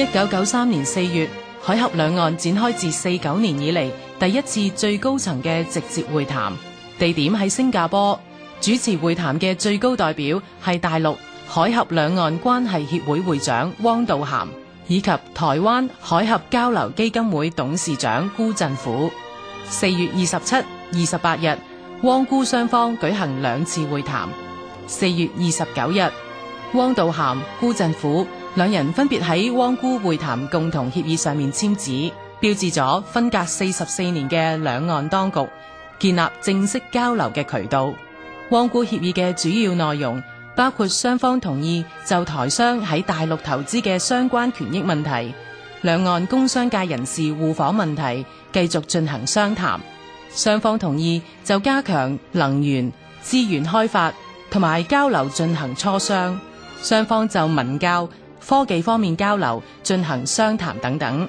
一九九三年四月，海峽兩岸展開自四九年以嚟第一次最高層嘅直接會談，地點喺新加坡。主持會談嘅最高代表係大陸海峽兩岸關係協會會長汪道涵，以及台灣海峽交流基金會董事長辜振甫。四月二十七、二十八日，汪辜雙方舉行兩次會談。四月二十九日，汪道涵、辜振甫。兩人分別喺汪辜會談共同協議上面簽字，標誌咗分隔四十四年嘅兩岸當局建立正式交流嘅渠道。汪辜協議嘅主要內容包括雙方同意就台商喺大陸投資嘅相關權益問題、兩岸工商界人士互訪問題繼續進行商談；雙方同意就加強能源資源開發同埋交流進行磋商；雙方就文教。科技方面交流、進行商談等等，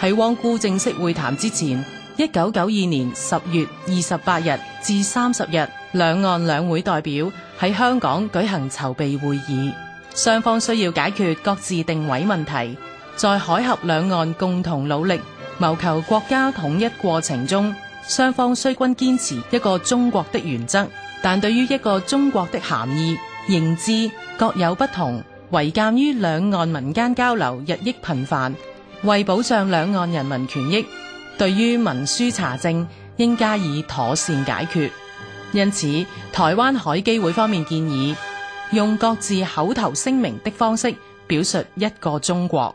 喺汪辜正式會談之前，一九九二年十月二十八日至三十日，兩岸兩會代表喺香港舉行籌備會議，雙方需要解決各自定位問題。在海峽兩岸共同努力謀求國家統一過程中，雙方雖均堅持一個中國的原則，但對於一個中國的含義認知各有不同。唯鑒於兩岸民間交流日益頻繁，為保障兩岸人民權益，對於文書查證應加以妥善解決，因此，台灣海基會方面建議用各自口頭聲明的方式表述一個中國。